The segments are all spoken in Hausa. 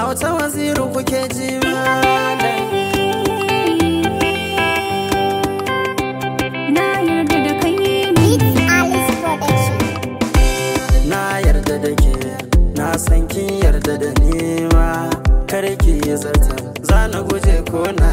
a wata waziri kuke ji Na yarda da ke, na san kin yarda da nima kar ki yi zata, za na guje ko na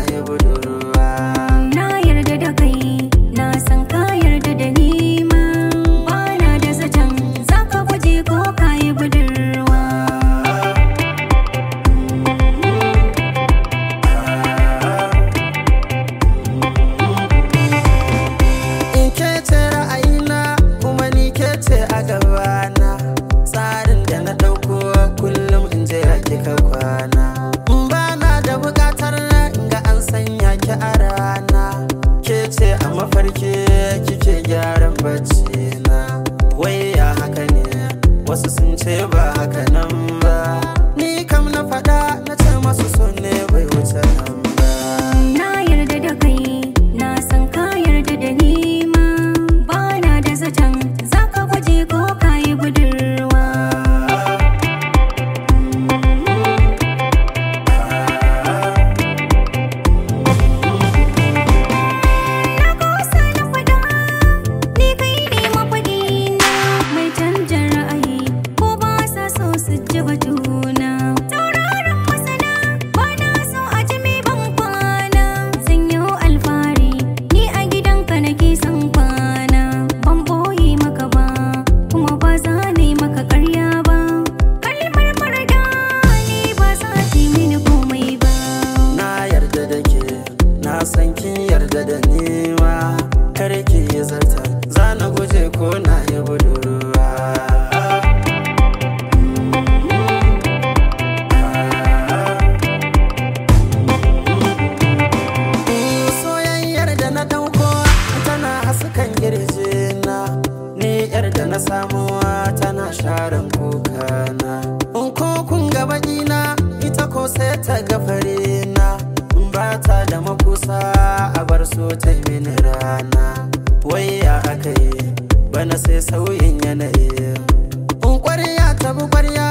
wasu sun ce ba haka nan kona ya budurwa soyayyar da na dauko tana haskan girjina ni yar da na samuwa tana sharan kokana in ko kun gaba ina ita ko sai ta gafare na ba ta da makusa a bar so ta mini rana wai ya aka yi bana sai sauyin yanayi in ƙwarya tabi ƙwarya